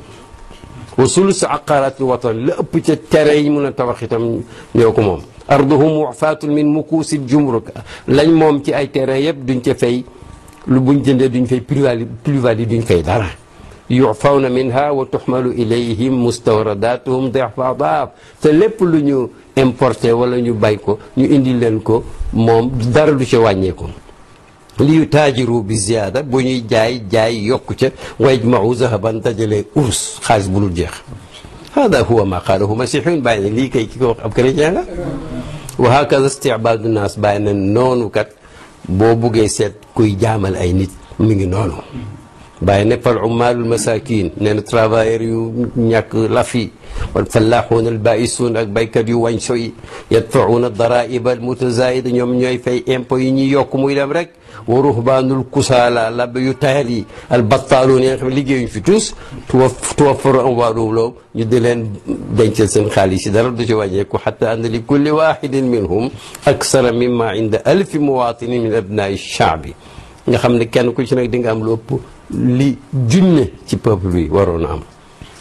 wa sulu sa aqaratil watan la ëpp ca terrain yi mun a tabax itam ñoo ko moom arduhum waafaatun min mukuusil jumruk lañ moom ci ay terrain yëpp duñ ca fay lu buñ jëndee duñ fay plus-value duñ fay dara yufawna minha wa tuxmalu ilayhim mustawradatuhum difa daaf te lépp lu ñu importé wala ñu bay ko ñu indi leen ko moom dara du ci wàññeeku li yu taajiru bi ziyaada bu ñuy jaay jaay yokku ca wa yajmau zahaban dajale urs xaalis bu dul jeex hada huwa ma qaalahu masihun bàyyi ne ko wax ab chrétien la wa hakaza istibaadu naas bàyyi boo buggee seet kuy jaamal ay nit mi ngi noonu bàyyi nag fal umaalul masakin nee na travailleurs yu ñàkk laf yi wal fallaxuuna al baisuun ak baykat yu wàñso yi yadfauuna daraaiba al mutazaida ñoom ñooy fay impôt yi ñuy yokk muy dem rek wa ruhbaanul kusaala labbe yu tayal yi al battaaluun yi nga xam ne liggéeyuñ fi tous tuwa tuwaffaru amwaaluhum loo ñu di leen dencal seen xaalis yi dara du ci wàññeeku xatta anna li kulli waxidin minhum aksara mimma inda alfi muwaatinin min abnaai chaabi nga xam ne kenn ku ci nekk di nga am lu ëpp li junne ci peuple bi waroon am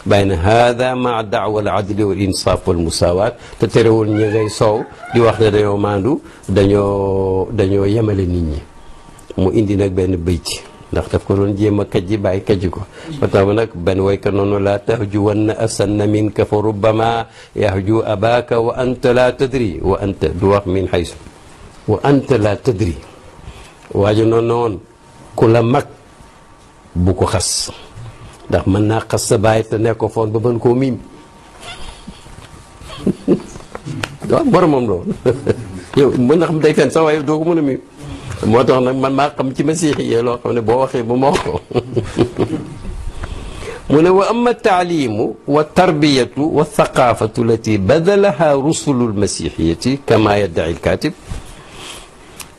bàyyi na hada maa daawa al adli wal insaaf wal musaawaat te terewul ñi ngay soow di wax ne dañoo maandu dañoo dañoo yemale nit ñi mu indi nag benn bëyti ndax daf ko doon jéem a kajji bàyyi kajji ko ba tax nag benn wayka noonu laa tahjuwanna asanna minka fa rubbama yahju abaka wa anta la tadri wa anta du wax min haysu wa anta la tadri waajo noonu noon ku la mag bu ko xas ndax mën naa xas sa baay te nekk ko foon ba ban koo miim waaw boromam loolu yow mën na xam day fen sa doo ko mën a miim moo tax nag man maa xam ci masiix loo xam ne boo waxee bu ma wax ko mu ne wa ama taalimu wa tarbiyatu wa thaqafatu lati badalaha rusulu lmasihiyati kama yaddaci lkaatib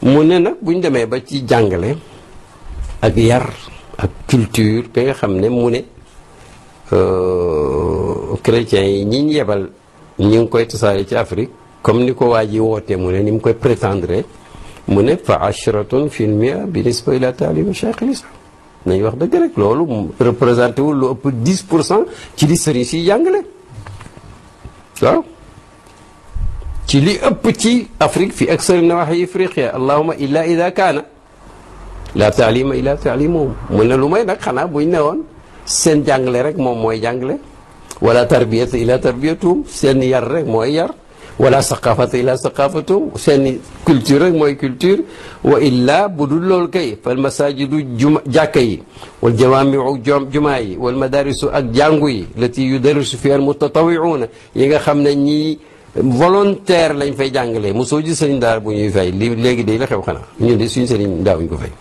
mu ne nag buñ demee ba ci jàngale ak yar ak culture bi nga xam ne mu ne euh, chrétiens yi ñi ñu yebal ñi ngi koy tasaare ci Afrique comme ni ko waa ji wootee mu ni mu koy prétendre mu ne fa ashratun fi mia bi nisba ila taalim cheikh lislam nañ wax dëgg rek loolu wul lu ëpp 10 pour cent ci li sëriñ si jàngale waaw ci li ëpp ci Afrique fi aksar nawahi ifriqiya allahuma illa ida kaana la taalima illa taalimuhum mu ne lu may nag xanaa buñ ne woon seen jàngale rek moom mooy jàngale wala tarbiyata illa tarbiyatuhum seen yar rek mooy yar wala saqafata illa saqafatuhum seen culture rek mooy culture wa illa bu dul loolu kay fal masajidu juma jàkka yi wal jawaamiu jumaa yi wal madarisu ak jàngu yi lati yudarisu fi al mutatawiuuna yi nga xam ne ñii volontaire lañ fay jàngalee mosoo ji sëriñ daara ñuy fay li léegi day la xew xanaa ñun de suñu sëriñ daawuñ ko fay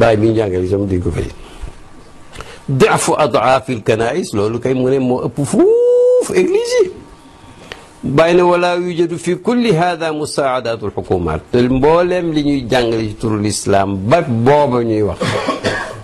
bàyyi bi ñu jàngale itam dégg ko fay defu adaafil kanaïs loolu kay mu ne moo ëpp fuuf église yi bàyyi ne wala yujadu fi kulli hada musaadatu lxukumat te mbooleem li ñuy jàngale ci turu lislaam ba booba ñuy wax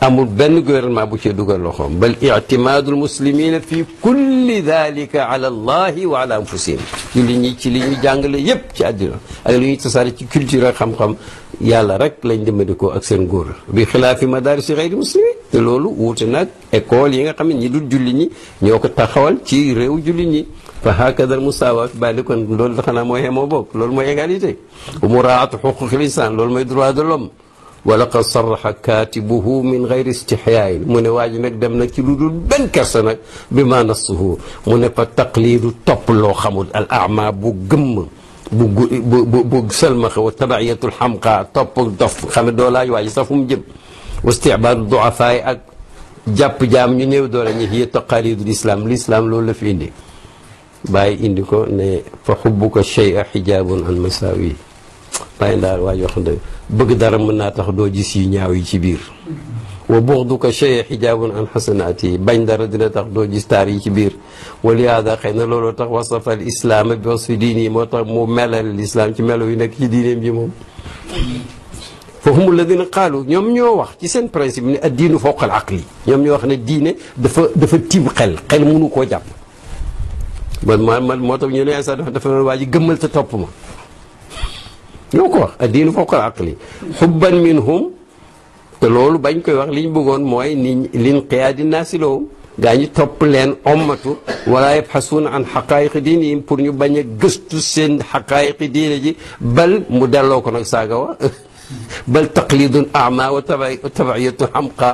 amul benn gouvernement bu ci dugal loxoom bal ictimaadu lmuslimina fi kulli dalika ala allahi wa ala anfusihim ci li ñuy ci li ñuy jàngale yépp ci àddina ak li ñuy tasaare ci culture ak xam-xam yàlla rek lañ dimbandikoo ak seen góor bi xilaafi madaarisi xayri muslimi te loolu wuute nag école yi nga xam ne ñi dul julli ñi ñoo ko taxawal ci réew julli ñi fa hakadal musaawa bàyyi kon loolu xanaa mooy xemoo boog loolu mooy égalité wa muraatu xuquqil insaan loolu mooy droit de l'homme wa laqad sarraxa kaatibuhu min gayri istixyaayin mu ne waa ji nag dem nag ci lu dul benn kersa nag bi ma nassuhu mu ne fa taqliidu topp loo xamul al ama bu gëmm bu bu bu bu sëlmaxa wa tabayatul xamqa topp dof xam ne doo laaj waaji sax fu mu jëm wastibaaru doafaay ak jàpp jaam ñu néew doole ñi hiya taqaridul islam l'islam loolu la fi indi bàyyi indi ko ne fa xubbuka shay'a xijaabun an masaawi bàyyi ndaal waaj wax bëgg dara mën naa tax doo gis yu ñaaw yi ci biir wa buxduka chey xijaabun an xasanaati bañ dara dina tax doo gis taar yi ci biir walihaada xëy na looloo tax wasafa al islaama bi wasfi diini yi moo tax mu melal lislaam ci melo yu nekk ci diineem ji moom fa hum alladina qaalu ñoom ñoo wax ci seen principe ne ad diinu fawqa al aqli ñoom ñoo wax ne diine dafa dafa tiim xel xel mënu koo jàpp man man man moo tax ñu ne sax dafa dafa waa ji gëmmal te topp ma ñoo ko wax ad diinu fawqa al aqli xubban minhum te loolu bañ koy wax liñ bëggoon mooy ni liñ xiyaadi naasilowum gaa ñi topp leen ommatu wala yabxasuuna an xaqaayiqi diinihim pour ñu bañ a gëstu seen xaqaayiqi diine ji bal mu delloo ko nag saaga wa bal taqlidun ama wa tabaiyatu xamqa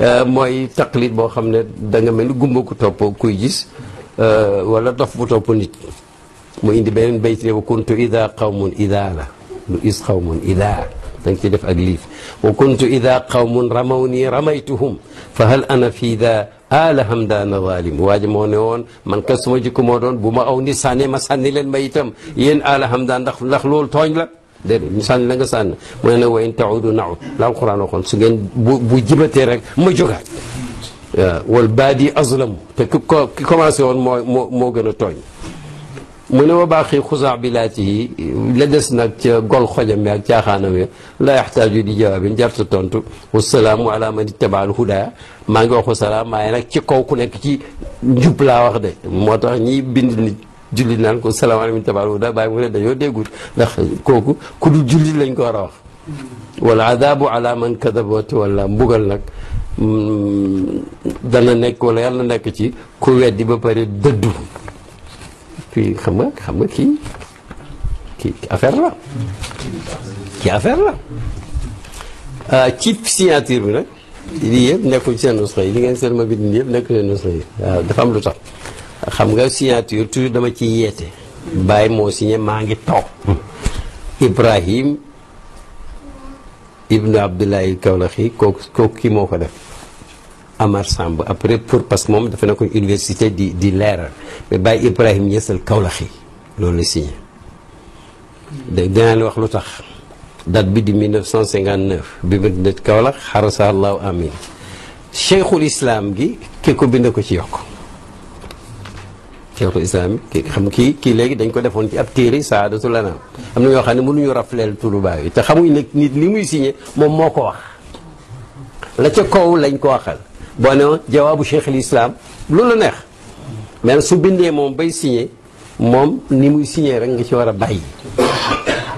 euh, mooy taqlid boo xam ne danga nga mel ni gumba ku topp kuy gis euh, wala dof bu topp nit mu indi beneen bayt ne wa kuntu ida qawmun ida la lu is qawmun ida dañ ci def ak liif wa kuntu ida qawmun ramaw nii ramaytuhum fa hal ana fii da ala hamdaana zalim waaji moo ne woon man ka suma jikko moo doon bu ma aw nit sànni ma sànni leen ma itam yéen ala hamdaan ndax ndax loolu tooñ la déedéet ñu sànni la nga sànni mu ne ne wa in taudu naud la alquran waxoon su ngeen bu bu jibatee rek ma jógaat wal baadi azlamu te ki ko ki commencé woon moo moo moo gën a tooñ mu ne wa baaxi xusaa bi laati yi la des nag ca gol xojam ak caaxaanam ya la yaxtaaju di jawaabin jarta tontu salaamu ala man ittabaal huda maa ngi wax wasalaam waaye nag ci kaw ku nekk ci njub laa wax de moo tax ñiy bind nit julli nan ko salaam ala man ittabaal huda bàyyi mu dañoo déggul ndax kooku ku julli lañ ko war a wax wala adaabu ala man kadaba wala mbugal nag mm, nekk ci ku weddi ba pare dëddu fii xam nga xam nga kii kii affaire la kii affaire la euh, ci signature bi nag lii yëpp nekkul seen nusxa yi li ngeen seen ma bind nii yëpp nekkul seen nusxa yi waaw euh, dafa am lu tax xam nga signature toujours dama ci yeete bàyyi moo signé maa ngi toog Ibrahim ibnu Abdullahi Kawlaxi kooku kooku kii moo ko def Amar Samb après pour parce que moom dafa nekkoon université di di leeral mais Baye Ibrahima Niassal Kaolack loolu la signé dinaa la wax lu tax date bi di 1959 bi ba dina Kaolack xarasa allahu amin cheikhul islam gi ki ko bind ko ci yokk cheikhul islam ki xam kii kii léegi dañ ko defoon ci ab téere saadatu lana am na ñoo xam ne nu mënuñu rafleel turu baay yi te xamuñ nag nit li muy signé moom moo ko wax la ca kaw lañ ko waxal bone ne jawaabu cheikh al islam lu la neex mais su bindee moom bay signé moom ni muy signé rek nga ci war a bàyyi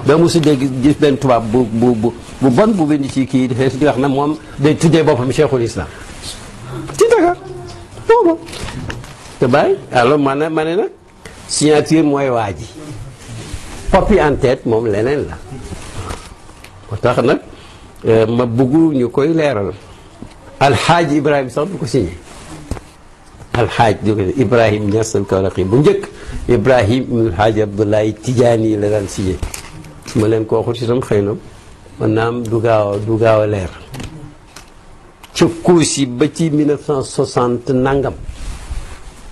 doo mosu dégg gis benn tubaab bu bu bon bu bind ci kii dafay di wax na moom day tuddee boppam cheikhul islam ci Dakar boobu te bàyyi alors man ne ma nag signature mooy waa ji copie en tête moom leneen la moo tax nag euh, ma bugg ñu koy leeral alxaaj Ibrahima sax du ko signé bu njëkk Ibrahima ibnu alxaaj Tijaani la daan signé su ma leen ko waxut si tam xëy na gaaw a leer ca kuusi ba ci 1960 nangam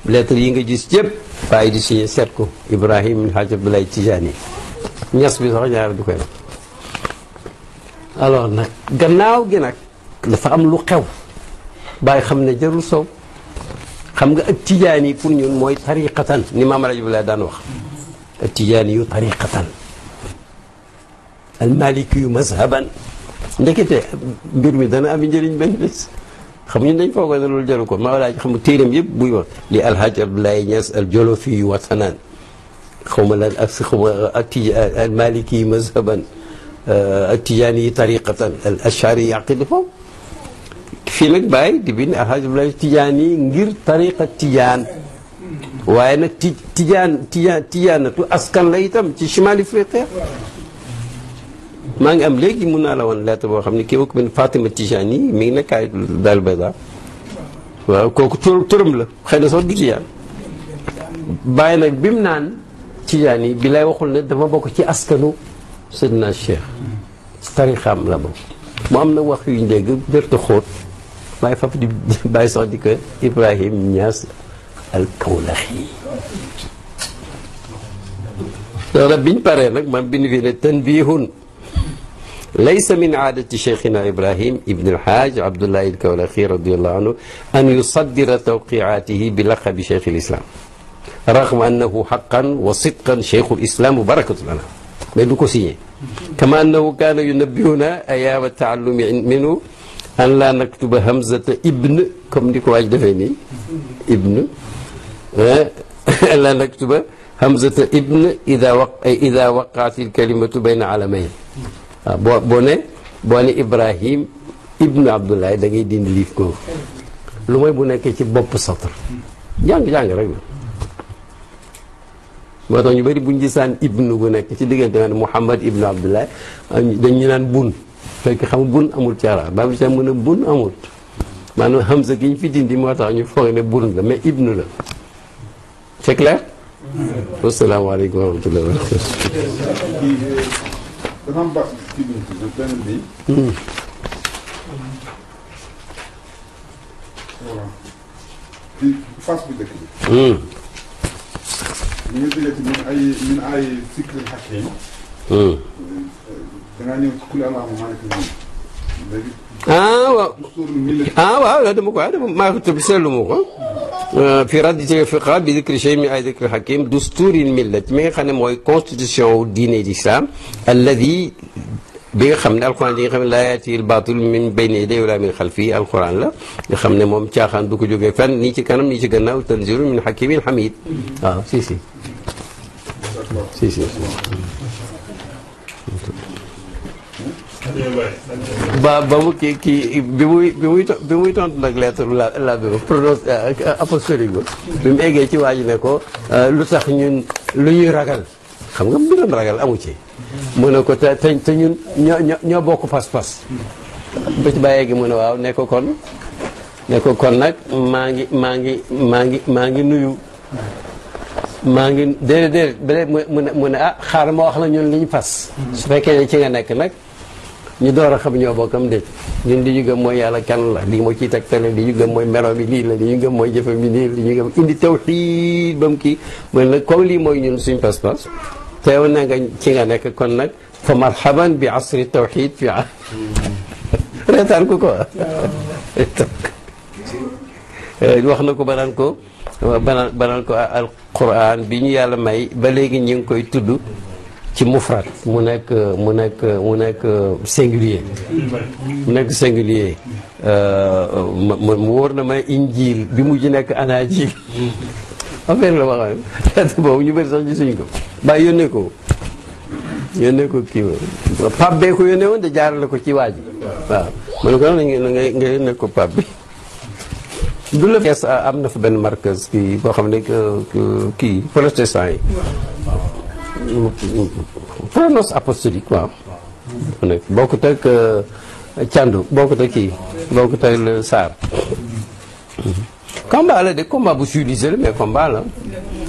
lettre yi nga gis yëpp bàyyi di signé seet ko Ibrahima ibnu alxaaj Tijaani Niass bi sax ñaar du koy wax alors gannaaw gi nag dafa am lu xew. bàyyi xam ne jarul soow xam nga ak tijaan yi pour mooy tariqatan ni maam Alaaji Abdoulaye daan wax ak yu tariqatan al maliki yu mazhaban ndekete mbir mi dana am njëriñ benn bés xam ñun dañ foogoo ne loolu jaru ko maam Alaaji xam nga téeram yëpp buy wax li alhaaj Abdoulaye Niass al jolofi yu watanaan ma lan ak xaw ma ak tijaan al maliki yu mazhaban euh, ak tijaan yi tariqatan al fii nag Baye di bind Alhaji Abdoulaye Tidiane yi ngir tariqa Tidiane waaye nag ti tijaan Tidiane askan la itam ci Chimal Afrique maa ngi am léegi mun naa la woon lettre boo xam ne kii ko benn Fatima Tidiane yi mi ngi nekk ay Dal Bayda kooku tur turam la xëy na sax du nag bi mu naan Tidiane yi bi waxul ne dama bokk ci askanu Seydina Cheikh ci tarixaam la bokk mu am na wax yuñ dégg bérte xóot maay faf di bàyyi sax di ko Ibrahim Niass al-Kawlaxi loolu nag biñ paree nag man bind fii ne tanbihun laysa min aadati cheikhina Ibrahim ibn al-Hajj Abdullah al-Kawlaxi radiyallahu anhu an yusaddira tawqiaatihi bi laqabi cheikh al-Islam raghma annahu haqqan wa sidqan cheikh al-Islam wa barakatun lana mais du ko signé kama annahu kaana yunabbihuna ayaama taallumi minhu an laa naktuba hamzata ibn comme ni ko waaj defee nii ibn an eh, laa naktuba hamzata ibn ida wa ida waqaatil kalimatu bayna alamayn waaw ah, boo boo ne boo ne ibrahim ibn abdoulahi da ngay dindi liif googu lu mooy bu nekkee ci bopp satr jàng-jàng rek la moo tax ñu bëri buñ gisaan ibn bu nekk ci diggante nga ne muhammad ibn abdoulahi dañu naan bun fekk xam bun amul ci arab Babou Cham mu ne bun amul maanaam hamza gi ñu fi dindi moo tax ñu foog ne bun la mais ibnu la c'est clair. Mm-hmm. asalaamaaleykum ci benn bi. voilà dangaa ñëw ci kul allahu maaliki léegi. ah waaw ah waaw loolu dama ko ah dama maa ngi seetlu ma ko. Euh, fi radd ci fiqa bi dikri shay mi ay dikri hakim dusturil millat mi nga xam ne mooy constitution wu diine l'islam alladi bi nga xam ne alquran bi nga xam ne laa yaati al baatil min bayni yadayhi wala min xalfi alquran la nga xam ne moom caaxaan du ko jógee fenn nii ci kanam nii ci gannaaw tanzilu min hakimin hamid waaw ah, si si si si ba ba mu kii kii bi muy bi muy bi muy tontu nag lettre la la bi prononcé euh, euh, apostolique ba bi mu eggee ci waa ji ne ko euh, lu tax ñun lu ñuy ragal xam nga mbiram ragal amu ci mu ne ko te te ñun ñoo ñoo bokk pas-pas ba ci bàyyee gi mu ne waaw ne ko kon ne ko kon nag maa ngi maa ngi maa ngi maa ngi nuyu maa ngi déedéet déedéet mu ne mu ne ah xaar ma wax la ñun li ñu fas su fekkee ne ci nga nekk nag ñu door a xam ñoo bokkam déet ñun li ñu gëm mooy yàlla kan la lii moo ciy tegtale li ñu gëm mooy melo bi lii la li ñu gëm mooy jëfe bi lii li ñu gëm indi tawxiid ba mu kii mooy nag comme lii mooy ñun suñ pas-pas teew na nga nga nekk kon nag fa marhaban bi asri tawxiid fi reetaan ko quoi wax na ko banaan ko banaan banaan ko alquran bi ñu yàlla may ba léegi ñu ngi koy tudd ci mufrat mu nekk mu nekk mu nekk singulier mu nekk singulier euh, euh, mu wóor na may injil bi mujj nekk anaajil affaire la ma xam boobu ñu bëri sax gisuñ ko bàyyi yónnee ko yónnee ko kii pap bee ko yónnee woon de la ko ci waa ji waaw ma ne ko na ngay nga yónnee ko pap bi du la fees am na fa benn marqueuse kii boo xam ne kii protestant yi pronos apostolique waaw. nekk bokkut ak Thiandou bokkut ak kii bokkut ak le Sarr. combat la de combat bu civilisé la mais combat la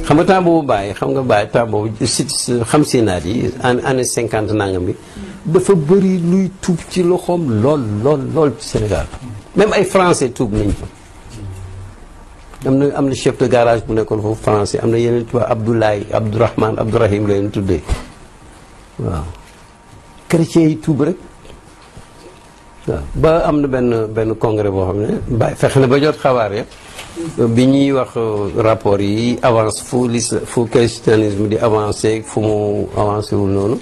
xam nga temps boobu bàyyi xam nga bàyyi temps boobu si xam si naat yi année cinquante nangam bi dafa bëri luy tuub ci loxoom lool lool lool Sénégal même ay français tuub nañ ko. am na am na chef de garage bu nekkoon foofu français am na yeneen tubaab Abdoulaye Abdourahman Abdourahim la leen tuddee waaw chrétien yi tuub rek waaw ba am na benn benn congrès boo xam ne fexe na ba jot xabaar ya bi ñuy wax euh, rapport yi avance fu lis fu christianisme di avancé fu mu avancé wul noonu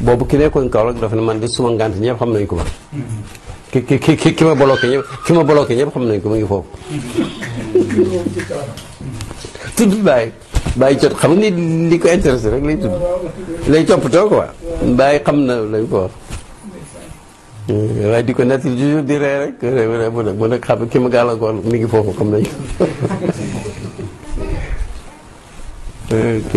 boobu ki nekkoon kaw rek dafa ne man de suma ngànt ñëpp xam nañ ko man mm-hmm. ki ki ki ki ma bloqué ñëpp ñëpp xam nañ ko mu ngi foofu mm-hmm. tudd bàyyi bàyyi jot xam ni li ko intéressé rek lay tudd lay toppatoo quoi na lay ko wax di ko nett toujours di ree ki ma gàllankoor mi ngi foofu xam nañu ok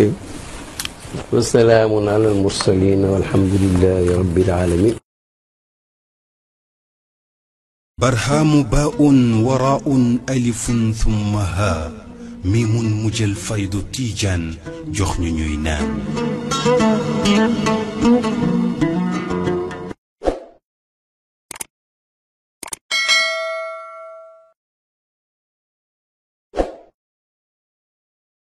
wasalaamun ala almursalin walhamdulilahi rabbil alamin barhaamu baa'un waraa'un alifun thumma haa miimun mu jël faydu tiijaan jox ñu ñuy naan